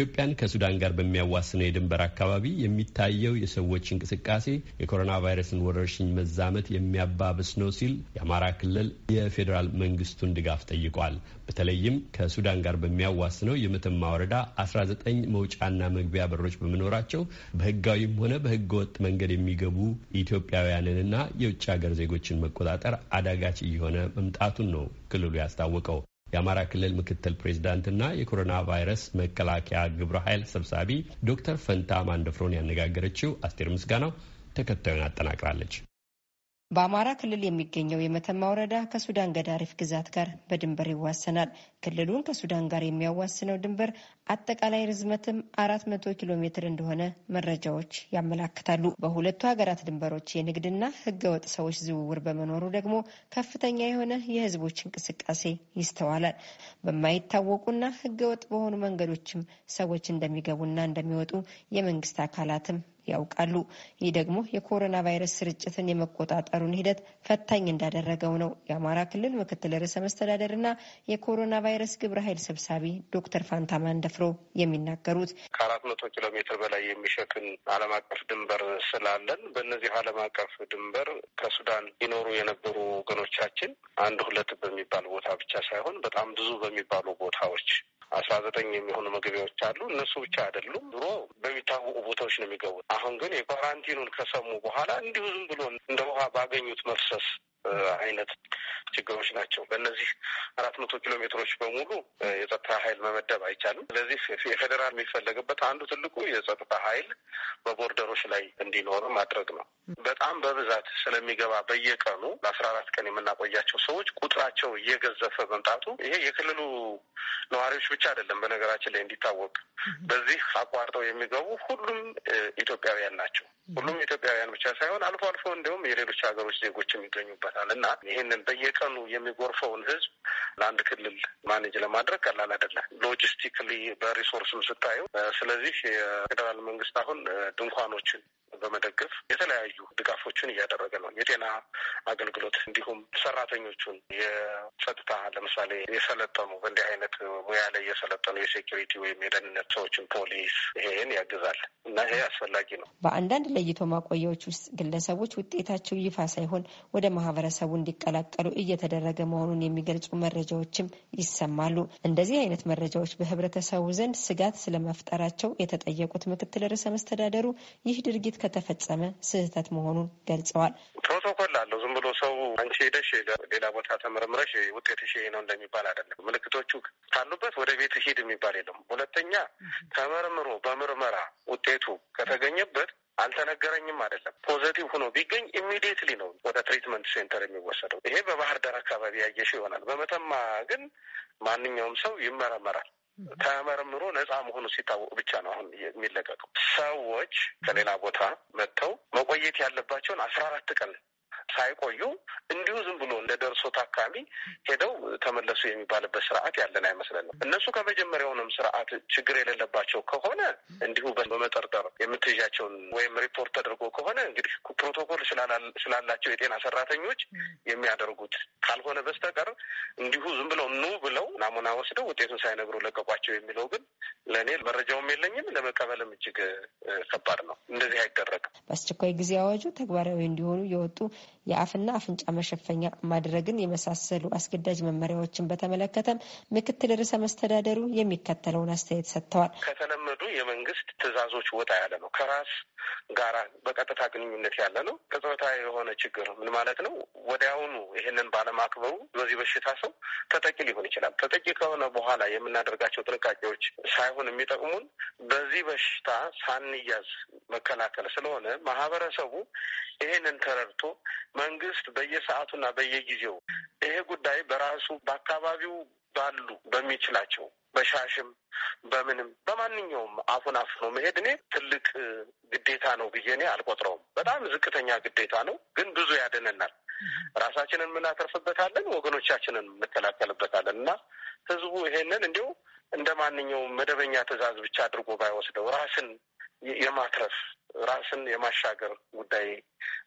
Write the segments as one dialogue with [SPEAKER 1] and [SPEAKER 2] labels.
[SPEAKER 1] ኢትዮጵያን ከሱዳን ጋር በሚያዋስነው የድንበር አካባቢ የሚታየው የሰዎች እንቅስቃሴ የኮሮና ቫይረስን ወረርሽኝ መዛመት የሚያባብስ ነው ሲል የአማራ ክልል የፌዴራል መንግስቱን ድጋፍ ጠይቋል። በተለይም ከሱዳን ጋር በሚያዋስነው የመተማ ወረዳ 19 መውጫና መግቢያ በሮች በመኖራቸው በህጋዊም ሆነ በህገወጥ መንገድ የሚገቡ ኢትዮጵያውያንንና የውጭ ሀገር ዜጎችን መቆጣጠር አዳጋች እየሆነ መምጣቱን ነው ክልሉ ያስታወቀው። የአማራ ክልል ምክትል ፕሬዚዳንትና የኮሮና ቫይረስ መከላከያ ግብረ ኃይል ሰብሳቢ ዶክተር ፈንታ ማንደፍሮን ያነጋገረችው አስቴር ምስጋናው ተከታዩን አጠናቅራለች።
[SPEAKER 2] በአማራ ክልል የሚገኘው የመተማ ወረዳ ከሱዳን ገዳሪፍ ግዛት ጋር በድንበር ይዋሰናል። ክልሉን ከሱዳን ጋር የሚያዋስነው ድንበር አጠቃላይ ርዝመትም አራት መቶ ኪሎ ሜትር እንደሆነ መረጃዎች ያመላክታሉ። በሁለቱ ሀገራት ድንበሮች የንግድና ሕገወጥ ሰዎች ዝውውር በመኖሩ ደግሞ ከፍተኛ የሆነ የሕዝቦች እንቅስቃሴ ይስተዋላል። በማይታወቁና ሕገወጥ በሆኑ መንገዶችም ሰዎች እንደሚገቡና እንደሚወጡ የመንግስት አካላትም ያውቃሉ። ይህ ደግሞ የኮሮና ቫይረስ ስርጭትን የመቆጣጠሩን ሂደት ፈታኝ እንዳደረገው ነው የአማራ ክልል ምክትል ርዕሰ እና የኮሮና ቫይረስ ግብረ ኃይል ሰብሳቢ ዶክተር ፋንታ ማንደፍሮ የሚናገሩት
[SPEAKER 1] ከአራት መቶ ኪሎ ሜትር በላይ የሚሸፍን ዓለም አቀፍ ድንበር ስላለን በእነዚህ ዓለም አቀፍ ድንበር ከሱዳን ይኖሩ የነበሩ ወገኖቻችን አንድ ሁለት በሚባል ቦታ ብቻ ሳይሆን በጣም ብዙ በሚባሉ ቦታዎች አስራ ዘጠኝ የሚሆኑ መግቢያዎች አሉ። እነሱ ብቻ አይደሉም። ድሮ በሚታወቁ ቦታዎች ነው የሚገቡት። አሁን ግን የኳራንቲኑን ከሰሙ በኋላ እንዲሁ ዝም ብሎ እንደ ውሃ ባገኙት መፍሰስ አይነት ችግሮች ናቸው። በእነዚህ አራት መቶ ኪሎ ሜትሮች በሙሉ የጸጥታ ኃይል መመደብ አይቻልም። ስለዚህ የፌዴራል የሚፈለግበት አንዱ ትልቁ የጸጥታ ኃይል በቦርደሮች ላይ እንዲኖር ማድረግ ነው። በጣም በብዛት ስለሚገባ በየቀኑ ለአስራ አራት ቀን የምናቆያቸው ሰዎች ቁጥራቸው እየገዘፈ መምጣቱ ይሄ የክልሉ ነዋሪዎች ብቻ አይደለም። በነገራችን ላይ እንዲታወቅ በዚህ አቋርጠው የሚገቡ ሁሉም ኢትዮጵያውያን ናቸው። ሁሉም ኢትዮጵያውያን ብቻ ሳይሆን አልፎ አልፎ እንዲሁም የሌሎች ሀገሮች ዜጎች የሚገኙበት ይመለከታል እና ይህንን በየቀኑ የሚጎርፈውን ህዝብ ለአንድ ክልል ማኔጅ ለማድረግ ቀላል አይደለም፣ ሎጂስቲክሊ በሪሶርስም ስታዩ። ስለዚህ የፌዴራል መንግስት አሁን ድንኳኖችን በመደገፍ የተለያዩ ድጋፎችን እያደረገ ነው። የጤና አገልግሎት እንዲሁም ሰራተኞቹን የጸጥታ ለምሳሌ የሰለጠኑ በእንዲህ አይነት ሙያ ላይ የሰለጠኑ የሴኪሪቲ ወይም የደህንነት ሰዎችን ፖሊስ ይሄን ያግዛል። እና ይሄ አስፈላጊ
[SPEAKER 2] ነው። በአንዳንድ ለይቶ ማቆያዎች ውስጥ ግለሰቦች ውጤታቸው ይፋ ሳይሆን ወደ ማህበረሰቡ እንዲቀላቀሉ እየተደረገ መሆኑን የሚገልጹ መረጃዎችም ይሰማሉ። እንደዚህ አይነት መረጃዎች በህብረተሰቡ ዘንድ ስጋት ስለመፍጠራቸው የተጠየቁት ምክትል ርዕሰ መስተዳደሩ ይህ ድርጊት ከተፈጸመ ስህተት መሆኑን ገልጸዋል። ሄደሽ ሌላ ቦታ ተመርምረሽ
[SPEAKER 1] ውጤትሽ ይሄ ነው እንደሚባል አይደለም። ምልክቶቹ ካሉበት ወደ ቤት ሂድ የሚባል የለም። ሁለተኛ ተመርምሮ በምርመራ ውጤቱ ከተገኘበት አልተነገረኝም አይደለም። ፖዘቲቭ ሆኖ ቢገኝ ኢሚዲየትሊ ነው ወደ ትሪትመንት ሴንተር የሚወሰደው። ይሄ በባህር ዳር አካባቢ ያየሽ ይሆናል። በመተማ ግን ማንኛውም ሰው ይመረመራል። ተመርምሮ ነፃ መሆኑ ሲታወቅ ብቻ ነው አሁን የሚለቀቀው። ሰዎች ከሌላ ቦታ መጥተው መቆየት ያለባቸውን አስራ አራት ቀን ሳይቆዩ እንዲሁ ዝም ብሎ እንደ ደርሶ ታካሚ ሄደው ተመለሱ የሚባልበት ስርዓት ያለን አይመስለንም። እነሱ ከመጀመሪያውንም ስርዓት ችግር የሌለባቸው ከሆነ እንዲሁ በመጠርጠር የምትይዣቸውን ወይም ሪፖርት ተደርጎ ከሆነ እንግዲህ ፕሮቶኮል ስላላቸው የጤና ሰራተኞች የሚያደርጉት ካልሆነ በስተቀር እንዲሁ ዝም ብለው ኑ ብለው ናሙና ወስደው ውጤቱን ሳይነግሩ ለቀቋቸው የሚለው ግን ለእኔ መረጃውም የለኝም፣ ለመቀበልም እጅግ ከባድ ነው። እንደዚህ አይደረግም።
[SPEAKER 2] በአስቸኳይ ጊዜ አዋጁ ተግባራዊ እንዲሆኑ የወጡ የአፍና አፍንጫ መሸፈኛ ማድረግን የመሳሰሉ አስገዳጅ መመሪያዎችን በተመለከተም ምክትል ርዕሰ መስተዳደሩ የሚከተለውን አስተያየት ሰጥተዋል።
[SPEAKER 1] ከተለመዱ የመንግስት ትዕዛዞች ወጣ ያለ ነው። ከራስ ጋራ በቀጥታ ግንኙነት ያለ ነው። ቅጽበታዊ የሆነ ችግር ምን ማለት ነው? ወዲያውኑ ይህንን ባለማክበሩ በዚህ በሽታ ሰው ተጠቂ ሊሆን ይችላል። ተጠቂ ከሆነ በኋላ የምናደርጋቸው ጥንቃቄዎች ሳይሆን አሁን የሚጠቅሙን በዚህ በሽታ ሳንያዝ መከላከል ስለሆነ ማህበረሰቡ ይሄንን ተረድቶ መንግስት በየሰዓቱና በየጊዜው ይሄ ጉዳይ በራሱ በአካባቢው ባሉ በሚችላቸው በሻሽም በምንም በማንኛውም አፉን አፍኖ መሄድ እኔ ትልቅ ግዴታ ነው ብዬ እኔ አልቆጥረውም። በጣም ዝቅተኛ ግዴታ ነው፣ ግን ብዙ ያደነናል። ራሳችንን የምናተርፍበታለን፣ ወገኖቻችንን እንከላከልበታለን እና ህዝቡ ይሄንን እንዲሁ እንደ ማንኛውም መደበኛ ትዕዛዝ ብቻ አድርጎ ባይወስደው ራስን የማትረፍ ራስን የማሻገር ጉዳይ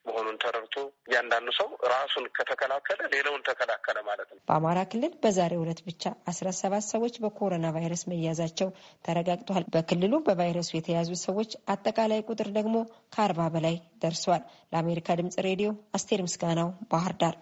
[SPEAKER 1] መሆኑን ተረድቶ እያንዳንዱ ሰው ራሱን ከተከላከለ ሌላውን ተከላከለ
[SPEAKER 2] ማለት ነው። በአማራ ክልል በዛሬው ዕለት ብቻ አስራ ሰባት ሰዎች በኮሮና ቫይረስ መያዛቸው ተረጋግጧል። በክልሉ በቫይረሱ የተያዙ ሰዎች አጠቃላይ ቁጥር ደግሞ ከአርባ በላይ ደርሷል። ለአሜሪካ ድምጽ ሬዲዮ አስቴር ምስጋናው ባህር ዳር